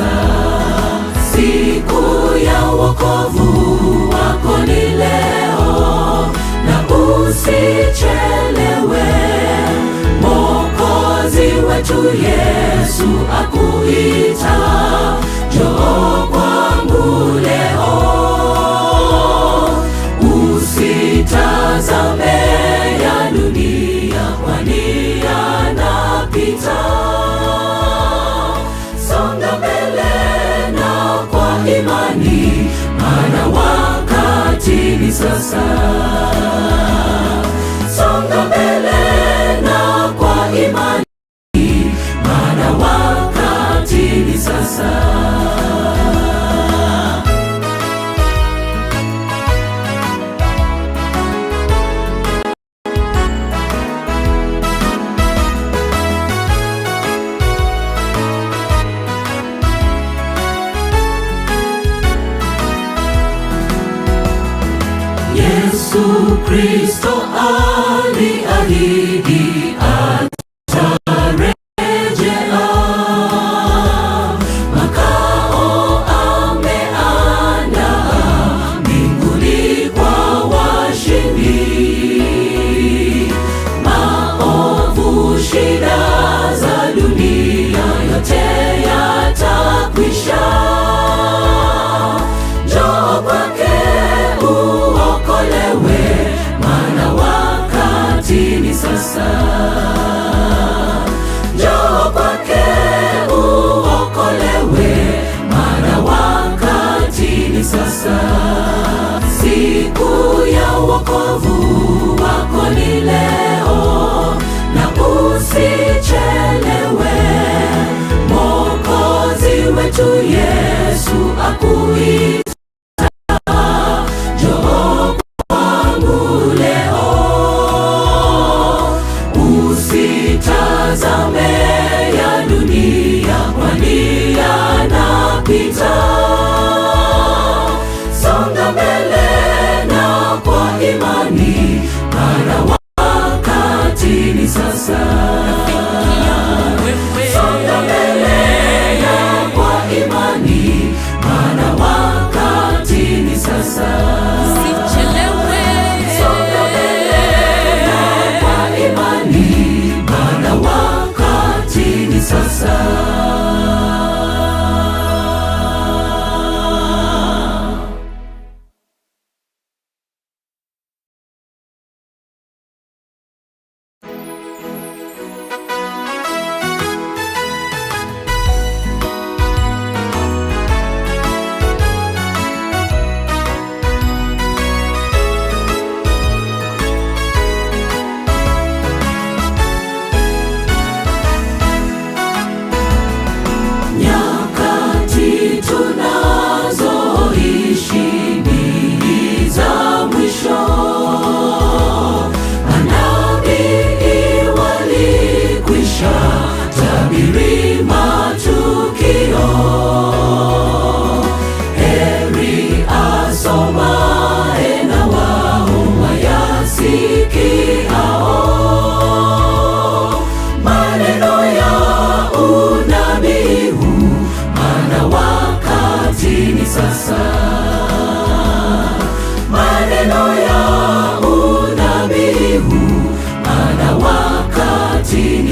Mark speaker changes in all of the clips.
Speaker 1: sound. Jesus.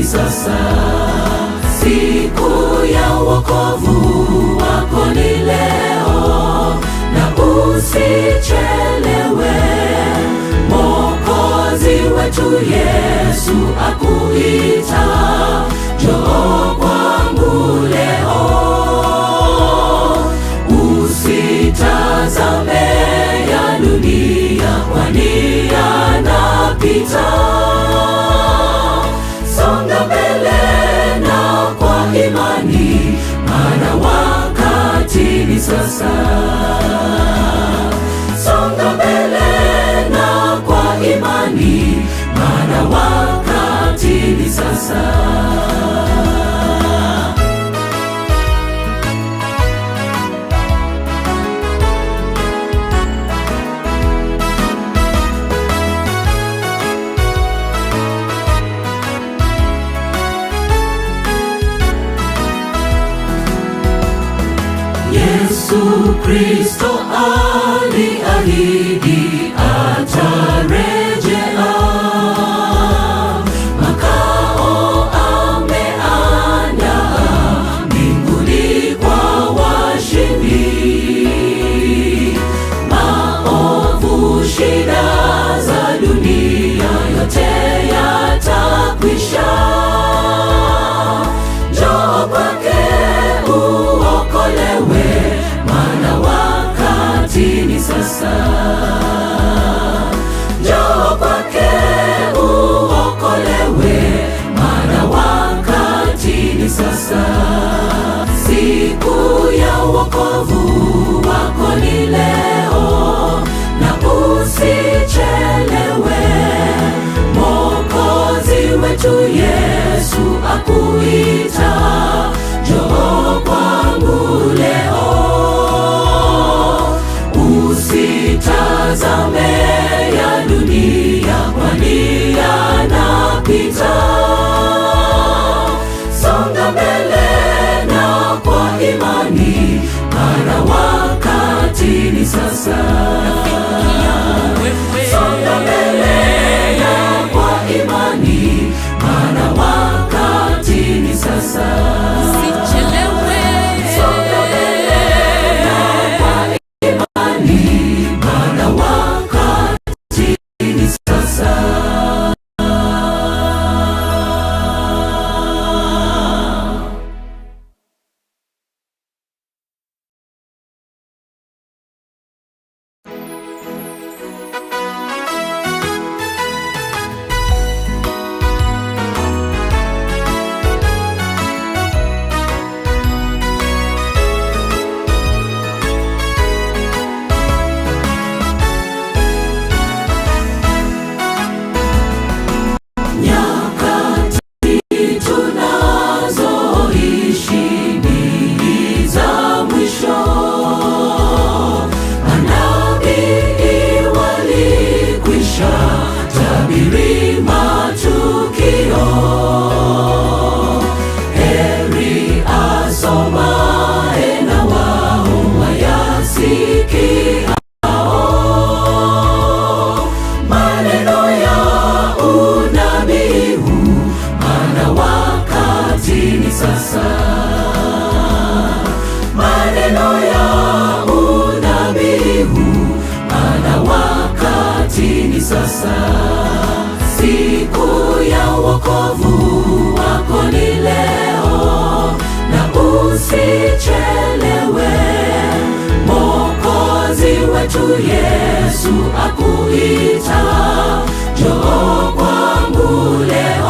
Speaker 1: sasa, siku ya wokovu wako ni leo, na usichelewe. Mwokozi wetu Yesu akuita. sasa. Songa mbele na kwa imani, maana wakati ni sasa. wokovu sun. sasa, siku ya wokovu wako ni leo, na usichelewe. Mwokozi wetu Yesu akuita, njoo kwangu leo.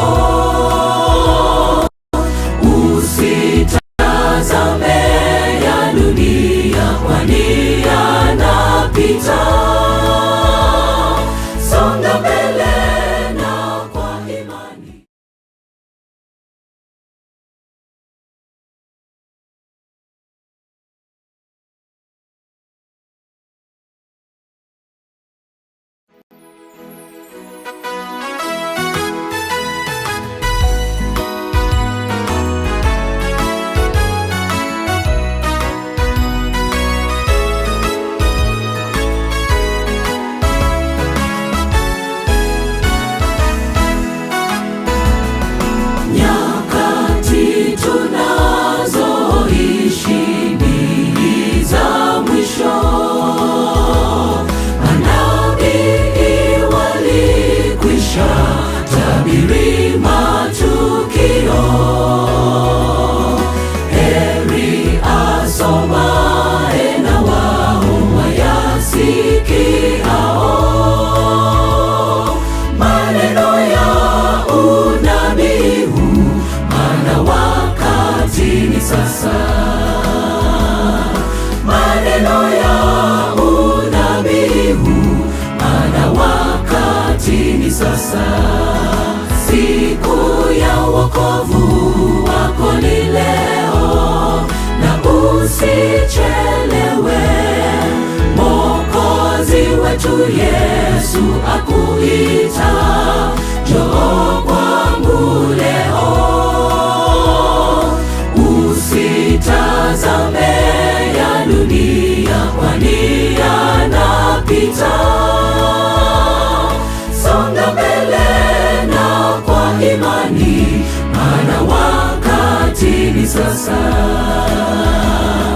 Speaker 1: yetu Yesu akuita, njoo kwangu leo. Usitazame ya dunia, kwani yanapita. Songa mbele na kwa imani, maana wakati ni sasa.